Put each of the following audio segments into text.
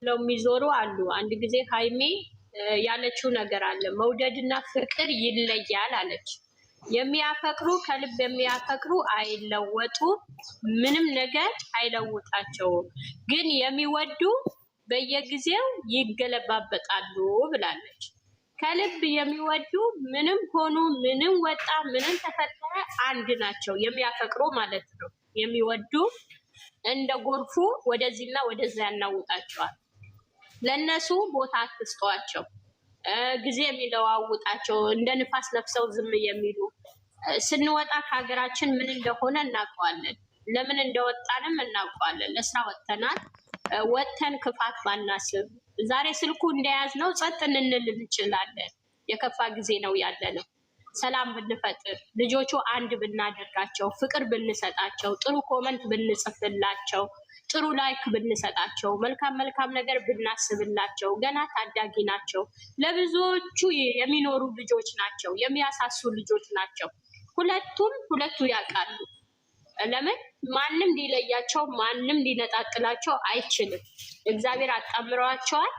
ብለው የሚዞሩ አሉ። አንድ ጊዜ ሀይሜ ያለችው ነገር አለ። መውደድና ፍቅር ይለያል አለች። የሚያፈቅሩ ከልብ የሚያፈቅሩ አይለወጡ፣ ምንም ነገር አይለውጣቸውም። ግን የሚወዱ በየጊዜው ይገለባበጣሉ ብላለች። ከልብ የሚወዱ ምንም ሆኑ ምንም ወጣ ምንም ተፈጠረ አንድ ናቸው፣ የሚያፈቅሩ ማለት ነው። የሚወዱ እንደ ጎርፉ ወደዚህና ወደዛ ያናውጣቸዋል። ለእነሱ ቦታ አትስጧቸው። ጊዜ የሚለዋውጣቸው እንደ ንፋስ ነፍሰው ዝም የሚሉ ስንወጣ ከሀገራችን ምን እንደሆነ እናውቀዋለን። ለምን እንደወጣንም እናውቀዋለን። ለስራ ወጥተናል። ወጥተን ክፋት ባናስብ ዛሬ ስልኩ እንደያዝ ነው ጸጥ እንንል እንችላለን። የከፋ ጊዜ ነው ያለ ነው። ሰላም ብንፈጥር፣ ልጆቹ አንድ ብናደርጋቸው፣ ፍቅር ብንሰጣቸው፣ ጥሩ ኮመንት ብንጽፍላቸው ጥሩ ላይክ ብንሰጣቸው፣ መልካም መልካም ነገር ብናስብላቸው፣ ገና ታዳጊ ናቸው። ለብዙዎቹ የሚኖሩ ልጆች ናቸው፣ የሚያሳሱ ልጆች ናቸው። ሁለቱም ሁለቱ ያውቃሉ። ለምን ማንም ሊለያቸው፣ ማንም ሊነጣጥላቸው አይችልም። እግዚአብሔር አጣምረዋቸዋል።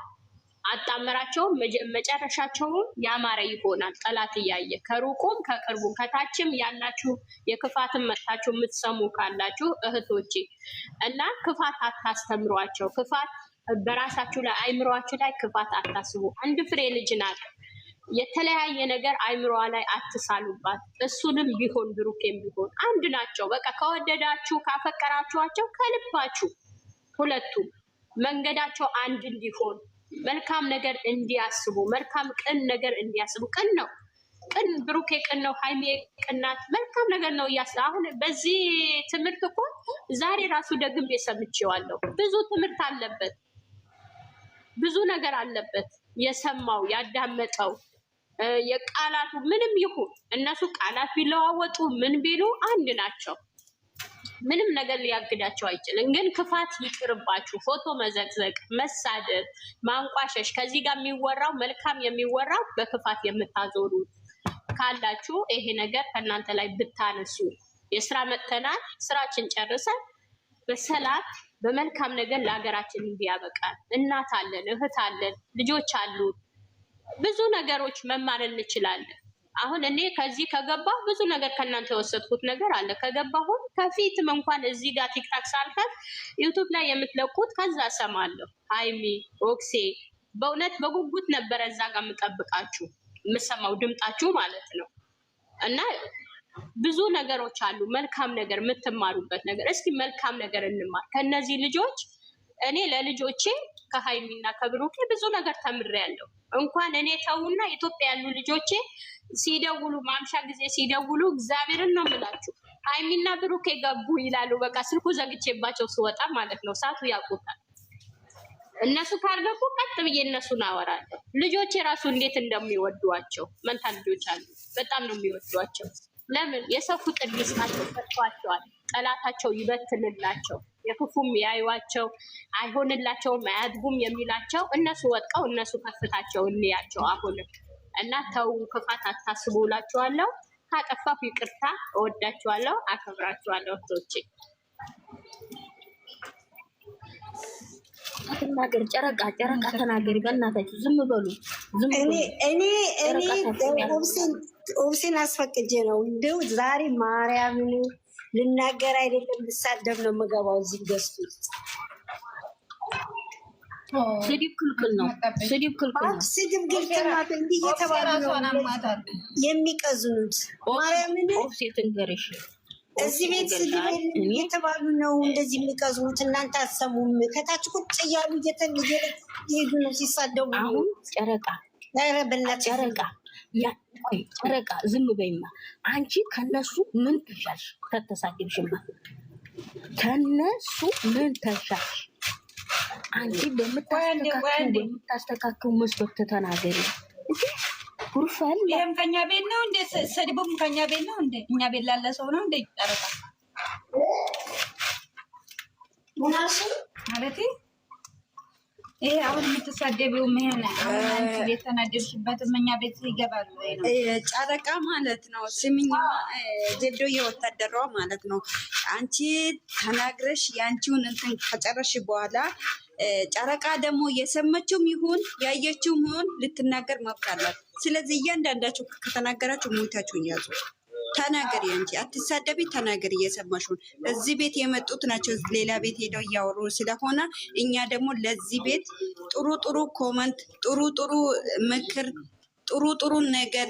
አጣምራቸው መጨረሻቸውን ያማረ ይሆናል። ጠላት እያየ ከሩቁም ከቅርቡ ከታችም ያላችሁ የክፋትን መጥታችሁ የምትሰሙ ካላችሁ እህቶቼ እና ክፋት አታስተምሯቸው። ክፋት በራሳችሁ ላይ አይምሯችሁ ላይ ክፋት አታስቡ። አንድ ፍሬ ልጅ ናት። የተለያየ ነገር አይምሮዋ ላይ አትሳሉባት። እሱንም ቢሆን ብሩኬም ቢሆን አንድ ናቸው። በቃ ከወደዳችሁ ካፈቀራችኋቸው ከልባችሁ ሁለቱም መንገዳቸው አንድ እንዲሆን መልካም ነገር እንዲያስቡ መልካም ቅን ነገር እንዲያስቡ። ቅን ነው ቅን ብሩኬ ቅን ነው ሀይሜ ቅናት መልካም ነገር ነው እያስ አሁን በዚህ ትምህርት እኮ ዛሬ ራሱ ደግሜ ሰምቼዋለሁ። ብዙ ትምህርት አለበት፣ ብዙ ነገር አለበት። የሰማው ያዳመጠው የቃላቱ ምንም ይሁን እነሱ ቃላት ቢለዋወጡ ምን ቢሉ አንድ ናቸው። ምንም ነገር ሊያግዳቸው አይችልም። ግን ክፋት ይቅርባችሁ። ፎቶ መዘቅዘቅ፣ መሳደብ፣ ማንቋሸሽ። ከዚህ ጋር የሚወራው መልካም የሚወራው በክፋት የምታዞሩት ካላችሁ ይሄ ነገር ከእናንተ ላይ ብታነሱ የስራ መጥተናል ስራችን ጨርሰን በሰላም በመልካም ነገር ለሀገራችን እንዲያበቃል። እናት አለን፣ እህት አለን፣ ልጆች አሉ። ብዙ ነገሮች መማር እንችላለን። አሁን እኔ ከዚህ ከገባሁ ብዙ ነገር ከእናንተ የወሰድኩት ነገር አለ። ከገባሁም ከፊትም እንኳን እዚህ ጋር ቲክታክ ሳልከት ዩቱብ ላይ የምትለቁት ከዛ ሰማለሁ። ሀይሚ ኦክሴ፣ በእውነት በጉጉት ነበረ እዛ ጋር የምጠብቃችሁ የምሰማው ድምጣችሁ ማለት ነው እና ብዙ ነገሮች አሉ። መልካም ነገር የምትማሩበት ነገር። እስኪ መልካም ነገር እንማር ከእነዚህ ልጆች እኔ ለልጆቼ ከሀይሚና ከብሩኬ ብዙ ነገር ተምሬያለሁ። እንኳን እኔ ተውና ኢትዮጵያ ያሉ ልጆቼ ሲደውሉ ማምሻ ጊዜ ሲደውሉ እግዚአብሔርን ነው የምላችሁ ሀይሚና ብሩኬ ገቡ ይላሉ። በቃ ስልኩ ዘግቼባቸው ስወጣ ማለት ነው። ሰዓቱ ያውቁታል። እነሱ ካልገቡ ቀጥ ብዬ እነሱን አወራለሁ። ልጆቼ ራሱ እንዴት እንደሚወዷቸው መንታ ልጆች አሉ። በጣም ነው የሚወዷቸው። ለምን የሰው ፍቅር ይስጣቸው፣ ፈጥቷቸዋል። ጠላታቸው ይበትንላቸው። የክፉም ያዩዋቸው አይሆንላቸውም፣ አያድጉም የሚላቸው እነሱ ወጥቀው እነሱ ከፍታቸው እንያቸው። አሁንም እና ተው ክፋት አታስቡ እላችኋለሁ። ካጠፋሁ ይቅርታ። እወዳችኋለሁ፣ አከብራችኋለሁ። ቶች አትናገሪ፣ ጨረቃ ጨረቃ ተናገሪ። በእናታችሁ ዝም በሉ፣ ዝም በሉ። እኔ እኔ ኦብሲን አስፈቅጄ ነው እንደው ዛሬ ማርያምን ልናገር አይደለም ልሳደብ ነው የምገባው እዚህ ገዝቶ ስድብ ክልክል ነው። ስድብ ክልክል ነው። ስድብ ግልፍናት እንዲህ እየተባሉ ነው የሚቀዝኑት። ማርያምን ንገርሽ እዚህ ቤት ስድብ እየተባሉ ነው እንደዚህ የሚቀዝኑት። እናንተ አሰሙም። ከታች ቁጭ እያሉ እየሄዱ ነው ሲሳደቡ። አሁን ጨረቃ ጨረቃ ያቆይ ጨረቃ ዝም በይማ። አንቺ ከነሱ ምን ተሻልሽ? ከተሳደብሽማ ከነሱ ምን ተሻሽ? አንቺ በምታስተካክሉ መስበክ ተተናገሪ። ጉርፈል ይህም ከኛ ቤት ነው እንደ ስድቡም ከኛ ቤት ነው እንደ እኛ ቤት ላለ ሰው ነው እንደ ጨረቃ ማለት ይሄ አሁን የምትሳደቢው ምን የተናደድሽበት እኛ ቤት ይገባሉ። ጨረቃ ማለት ነው። ስምኛ ጀዶ የወታደሯ ማለት ነው። አንቺ ተናግረሽ የአንቺውን እንትን ከጨረሽ በኋላ ጨረቃ ደግሞ የሰመችውም ይሁን ያየችውም ይሁን ልትናገር መብት አላት። ስለዚህ እያንዳንዳችሁ ከተናገራችሁ ሙይታችሁን ያዙ። ተናገሪ አንቺ አትሳደቢ፣ ተናገሪ እየሰማሽውን። እዚህ ቤት የመጡት ናቸው ሌላ ቤት ሄደው እያወሩ ስለሆነ እኛ ደግሞ ለዚህ ቤት ጥሩ ጥሩ ኮመንት፣ ጥሩ ጥሩ ምክር፣ ጥሩ ጥሩ ነገር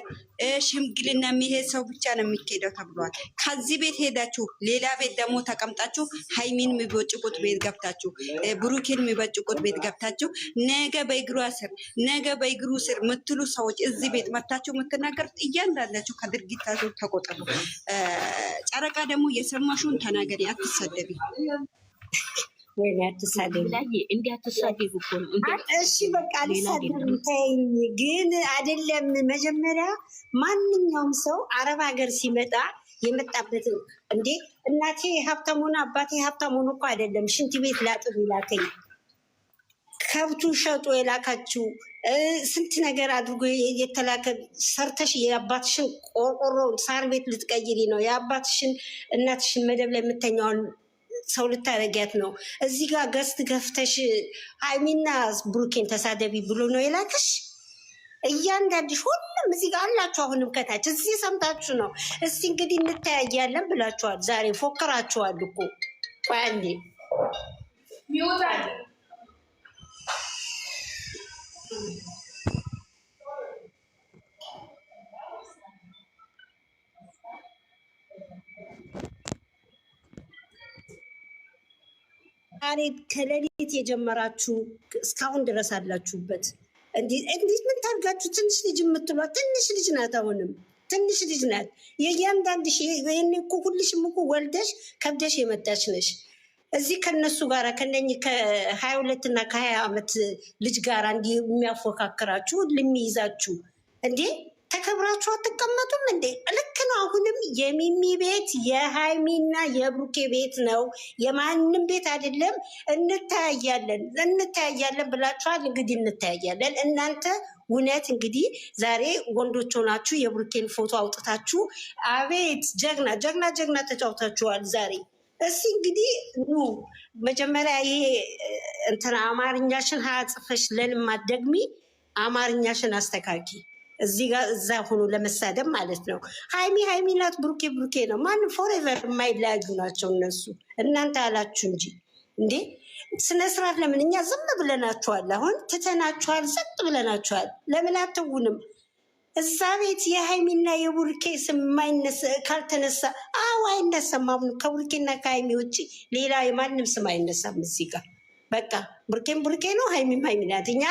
ሽምግልና የሚሄድ ሰው ብቻ ነው የሚካሄደው ተብሏል። ከዚህ ቤት ሄዳችሁ ሌላ ቤት ደግሞ ተቀምጣችሁ ሀይሚን የሚበጭቁት ቤት ገብታችሁ፣ ብሩኬን የሚበጭቁት ቤት ገብታችሁ ነገ በእግሯ ስር ነገ በእግሩ ስር ምትሉ ሰዎች እዚህ ቤት መታችሁ የምትናገሩት እያንዳንዳችሁ ከድርጊታችሁ ተቆጠሩ። ጨረቃ ደግሞ የሰማሽውን ተናገሪ፣ አትሰደቢ። እሺ በቃ አልሳደብም፣ ግን አይደለም መጀመሪያ ማንኛውም ሰው አረብ ሀገር ሲመጣ የመጣበት እንዴ እናቴ ሀብታም ሆነ አባቴ ሀብታም ሆነ እኮ አይደለም ሽንት ቤት ላጥብ ይላከኝ ከብቱ ሸጦ የላካችው ስንት ነገር አድርጎ የተላከ ሰርተሽ የአባትሽን ቆርቆሮ ሳር ቤት ልትቀይሪ ነው የአባትሽን እናትሽን መደብ ላይ የምተኛውን ሰው ልታረጊያት ነው? እዚህ ጋር ገዝት ገፍተሽ ሀይሚና ብሩኬን ተሳደቢ ብሎ ነው የላክሽ? እያንዳንድሽ ሁሉም እዚህ ጋር አላችሁ። አሁንም ከታች እዚህ ሰምታችሁ ነው። እስቲ እንግዲህ እንተያያለን ብላችኋል። ዛሬ ፎክራችኋል እኮ አንዴ ዛሬ ከሌሊት የጀመራችሁ እስካሁን ድረስ አላችሁበት። እንዴት ምን ታርጋችሁ? ትንሽ ልጅ የምትሏት ትንሽ ልጅ ናት። አሁንም ትንሽ ልጅ ናት። የእያንዳንድ ይህን እኮ ሁልሽም እኮ ወልደሽ ከብደሽ የመጣች ነሽ። እዚህ ከነሱ ጋር ከነ ከሀያ ሁለት እና ከሀያ ዓመት ልጅ ጋር እንዲህ የሚያፎካክራችሁ ልሚይዛችሁ እንዴ ተከብራችሁ አትቀመጡም እንዴ? ልክ ነው። አሁንም የሚሚ ቤት የሃይሚና የብሩኬ ቤት ነው፣ የማንም ቤት አይደለም። እንታያያለን እንታያያለን ብላችኋል። እንግዲህ እንታያያለን። እናንተ እውነት እንግዲህ ዛሬ ወንዶች ሆናችሁ የብሩኬን ፎቶ አውጥታችሁ አቤት ጀግና ጀግና ጀግና ተጫውታችኋል ዛሬ። እስኪ እንግዲህ ኑ መጀመሪያ ይሄ እንትን አማርኛሽን ሀያ ጽፈሽ ለልማት ደግሚ፣ አማርኛሽን አስተካኪ። እዚህ ጋር እዛ ሆኖ ለመሳደብ ማለት ነው። ሀይሚ ሀይሚ ናት፣ ብሩኬ ብሩኬ ነው። ማንም ፎሬቨር የማይለያዩ ናቸው እነሱ። እናንተ አላችሁ እንጂ እንዴ ስነ ስርዓት ለምን እኛ ዝም ብለናችኋል? አሁን ትተናችኋል፣ ጸጥ ብለናችኋል። ለምን አትውንም? እዛ ቤት የሀይሚና የቡርኬ ስም ካልተነሳ አዎ አይነሳም። አሁን ከቡርኬና ከሀይሚ ውጭ ሌላ የማንም ስም አይነሳም እዚህ ጋር በቃ ቡርኬን ቡርኬ ነው፣ ሀይሚም ሀይሚ ናት። እኛ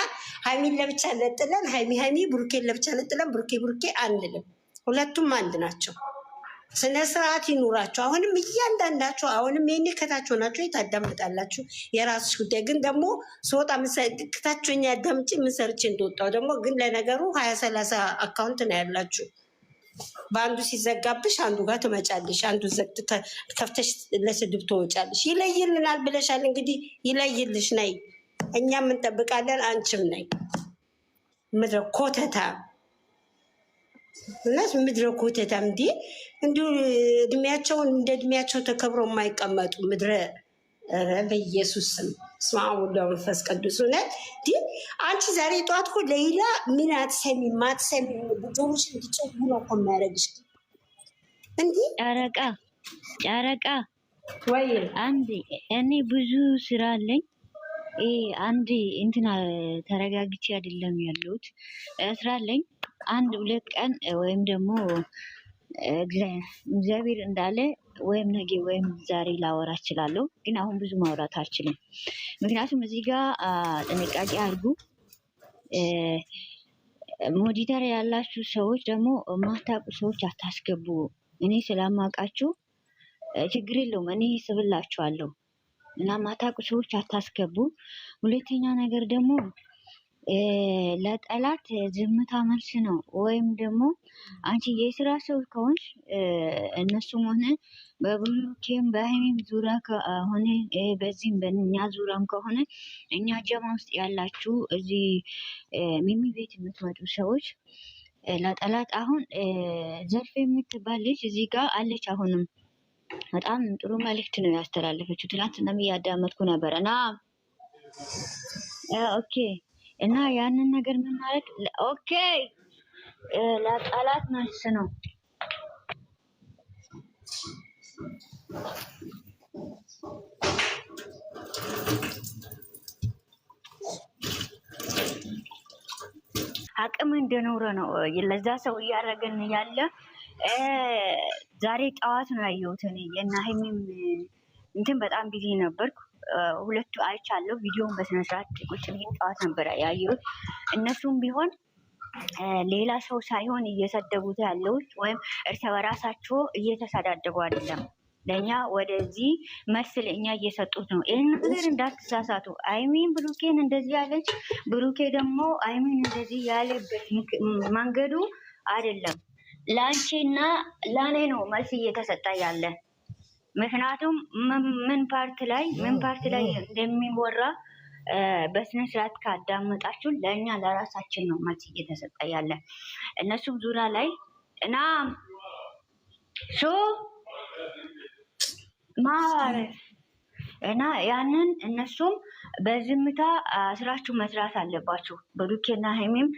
ሀይሚን ለብቻ ለጥለን ሀይሚ ሀይሚ ቡርኬን ለብቻ ለጥለን ቡርኬ ቡርኬ አንልም። ሁለቱም አንድ ናቸው። ስነ ስርዓት ይኑራቸው። አሁንም እያንዳንዳቸው አሁንም ይህኔ ከታቸው ናቸው የታዳምጣላችሁ የራሱ ጉዳይ ግን ደግሞ ስወጣ ከታችኛ ያዳምጭ ምንሰርች እንደወጣው ደግሞ ግን ለነገሩ ሀያ ሰላሳ አካውንት ነው ያላችሁ በአንዱ ሲዘጋብሽ አንዱ ጋር ትመጫለሽ፣ አንዱ ከፍተሽ ለስድብ ትወጫለሽ። ይለይልናል ብለሻል። እንግዲህ ይለይልሽ። ነይ፣ እኛም እንጠብቃለን። አንቺም ነይ። ምድረ ኮተታ እውነት ምድረ ኮተታ እንዲ እንዲሁ እድሜያቸውን እንደ እድሜያቸው ተከብሮ የማይቀመጡ ምድረ በኢየሱስ ስም ስማ ወልድ መንፈስ ቅዱስ እውነት ግን አንቺ ዛሬ ጠዋት እኮ ለይላ ምን አትሰሚ ማትሰሚ ጆሮሽ እንዲጨጉ ነው እኮ የሚያደርግሽ። እንዲ ጨረቃ ጨረቃ ወይ አንድ እኔ ብዙ ስራ አለኝ። አንድ እንትና ተረጋግቼ አይደለም ያለሁት ስራ አለኝ። አንድ ሁለት ቀን ወይም ደግሞ እግዚአብሔር እንዳለ ወይም ነገ ወይም ዛሬ ላወራ እችላለሁ፣ ግን አሁን ብዙ ማውራት አልችልም። ምክንያቱም እዚህ ጋር ጥንቃቄ አድርጉ። ሞዲተር ያላችሁ ሰዎች ደግሞ ማታቁ ሰዎች አታስገቡ። እኔ ስለማውቃችሁ ችግር የለውም፣ እኔ ስብላችኋለሁ እና ማታቁ ሰዎች አታስገቡ። ሁለተኛ ነገር ደግሞ ለጠላት ዝምታ መልስ ነው። ወይም ደግሞ አንቺ የስራ ሰው ከሆንሽ እነሱም ሆነ በብሩኬም በሀይሚም ዙሪያ ከሆነ በዚህም በእኛ ዙሪያም ከሆነ እኛ ጀማ ውስጥ ያላችሁ እዚህ ሚሚ ቤት የምትመጡ ሰዎች ለጠላት አሁን ዘርፌ የምትባል ልጅ እዚህ ጋር አለች። አሁንም በጣም ጥሩ መልእክት ነው ያስተላለፈችው። ትናንትናም እያዳመጥኩ ነበረ ና ኦኬ እና ያንን ነገር ምን ማለት ኦኬ፣ ለቃላት መልስ ነው። አቅም እንደኖረ ነው ለዛ ሰው እያደረገን ያለ። ዛሬ ጠዋት ነው ያየሁት እኔ የና ሀይሚም እንትን በጣም ቢዚ ነበርኩ ሁለቱ አይቻለሁ። ቪዲዮውን በስነስርዓት ቁጭ ብዬ ጠዋት ነበር ያየሁት። እነሱም ቢሆን ሌላ ሰው ሳይሆን እየሰደቡት ያለውት ወይም እርስ በራሳቸው እየተሰዳደቡ አይደለም። ለእኛ ወደዚህ መልስ ለእኛ እየሰጡት ነው። ይህን ነገር እንዳትሳሳቱ። አይሚን ብሩኬን እንደዚህ ያለች፣ ብሩኬ ደግሞ አይሚን እንደዚህ ያለበት መንገዱ አይደለም። ለአንቺና ለእኔ ነው መልስ እየተሰጠ ያለ ምክንያቱም ምን ፓርት ላይ ምን ፓርት ላይ እንደሚወራ በስነ ስርዓት ካዳመጣችሁ ለእኛ ለራሳችን ነው መልስ እየተሰጠ ያለ እነሱም ዙሪያ ላይ እና ሶ ማዋረፍ እና ያንን እነሱም በዝምታ ስራችሁ መስራት አለባችሁ። ብሩኬና ሀይሚም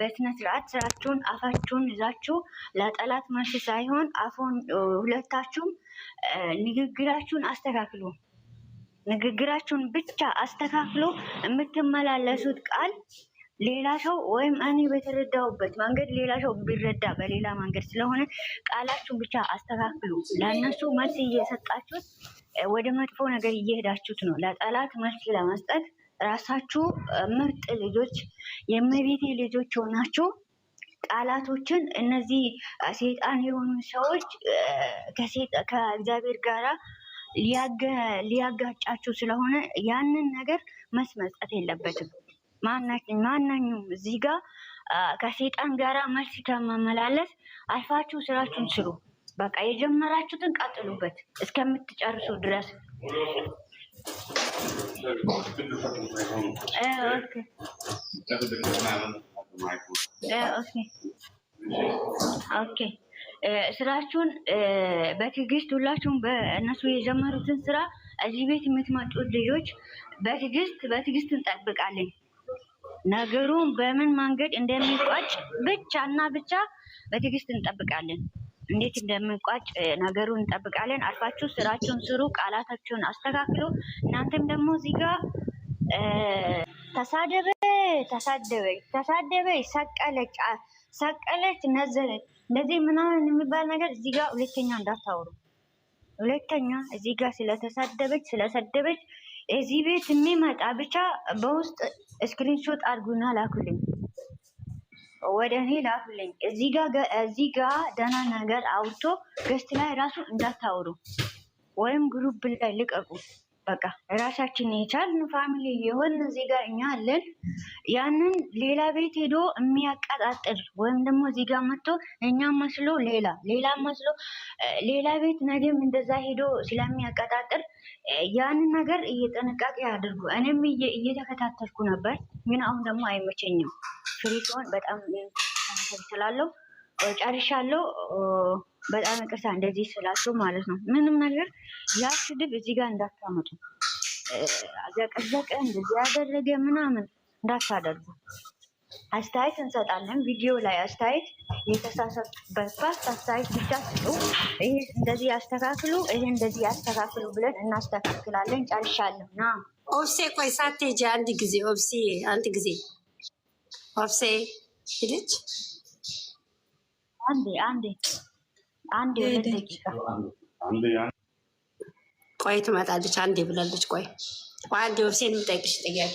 በስነ ስርዓት ስራችሁን አፋችሁን ይዛችሁ ለጠላት መልስ ሳይሆን አፎን ሁለታችሁም ንግግራችሁን አስተካክሉ። ንግግራችሁን ብቻ አስተካክሎ የምትመላለሱት ቃል ሌላ ሰው ወይም እኔ በተረዳሁበት መንገድ ሌላ ሰው ቢረዳ በሌላ መንገድ ስለሆነ ቃላችሁን ብቻ አስተካክሉ። ለእነሱ መልስ እየሰጣችሁት ወደ መጥፎ ነገር እየሄዳችሁት ነው። ለጠላት መልስ ለመስጠት ራሳችሁ ምርጥ ልጆች፣ የእመቤቴ ልጆች ሆናችሁ ቃላቶችን እነዚህ ሴጣን የሆኑ ሰዎች ከእግዚአብሔር ጋራ ሊያጋጫችሁ ስለሆነ ያንን ነገር መልስ መስጠት የለበትም። ማናችሁም እዚህ ጋር ከሴጣን ጋራ መልስ ከመመላለስ አልፋችሁ ስራችሁን ስሩ። በቃ የጀመራችሁትን ቀጥሉበት እስከምትጨርሱ ድረስ። ኦኬ ስራችሁን በትዕግስት ሁላችሁም በእነሱ የጀመሩትን ስራ እዚህ ቤት የምትመጡት ልጆች በትዕግስት በትዕግስት እንጠብቃለን። ነገሩን በምን መንገድ እንደሚቋጭ ብቻ እና ብቻ በትዕግስት እንጠብቃለን። እንዴት እንደሚቋጭ ነገሩን እንጠብቃለን። አርፋችሁ ስራችሁን ስሩ፣ ቃላታችሁን አስተካክሉ። እናንተም ደግሞ እዚህ ጋር ተሳደበ ተሳደበ ተሳደበ ሰቀለች ሰቀለች ነዘለች እንደዚህ ምናምን የሚባል ነገር እዚህ ጋር ሁለተኛ እንዳታወሩ። ሁለተኛ እዚህ ጋር ስለተሳደበች ስለሰደበች እዚህ ቤት የሚመጣ ብቻ በውስጥ ስክሪንሾት አድርጉና ላኩልኝ፣ ወደ እኔ ላኩልኝ። እዚህ ጋ ደህና ነገር አውርቶ ገስት ላይ ራሱ እንዳታውሩ ወይም ግሩፕ ላይ ልቀቁ። በቃ ራሳችን የቻልን ፋሚሊ የሆን እዚህ ጋር እኛ አለን። ያንን ሌላ ቤት ሄዶ የሚያቀጣጥል ወይም ደግሞ እዚህ ጋር መጥቶ እኛ መስሎ ሌላ ሌላ መስሎ ሌላ ቤት ነገም እንደዛ ሄዶ ስለሚያቀጣጥል ያንን ነገር እየጥንቃቄ አድርጉ። እኔም እየተከታተልኩ ነበር፣ ግን አሁን ደግሞ አይመቸኝም። ፍሪ ሲሆን በጣም ስላለው ጨርሻለሁ። በጣም ይቅርታ እንደዚህ ስላቸው ማለት ነው። ምንም ነገር ያ ስድብ እዚህ ጋር እንዳታመጡ፣ አዘቀዘቀ እንደዚህ ያደረገ ምናምን እንዳታደርጉ። አስተያየት እንሰጣለን። ቪዲዮ ላይ አስተያየት የተሳሳትበት አስተያየት ብቻ ስጡ። ይህ እንደዚህ ያስተካክሉ፣ ይህ እንደዚህ ያስተካክሉ ብለን እናስተካክላለን። ጨርሻለሁ። ና ኦፍሴ፣ ቆይ ሳትሄጂ አንድ ጊዜ ኦፍሴ፣ አንድ ጊዜ ኦፍሴ፣ ሄደች። አንዴ አንዴ አንዴ ቆይ ትመጣለች። አንዴ ብላለች። ቆይ አንዴ ኦፍሴን የምጠይቅሽ ጥያቄ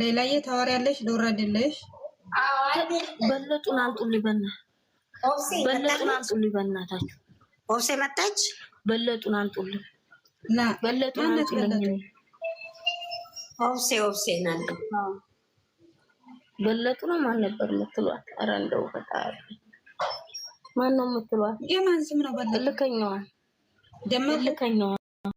ሌላዬ ታወሪያለሽ። ልውረድልሽ። በለጡን አምጡልኝ፣ በእናትህ በለጡን አምጡልኝ፣ በእናታችሁ ኦብሴ መጣች። በለጡን አምጡልኝ፣ በለጡን አምጡልኝ። ኦብሴ ኦብሴ ናለ በለጡ ነው። ማን ነበር የምትሏት? ኧረ እንደው ፈጣሪ ማን ነው የምትሏት? የማን ስም ነው? ልከኛዋል፣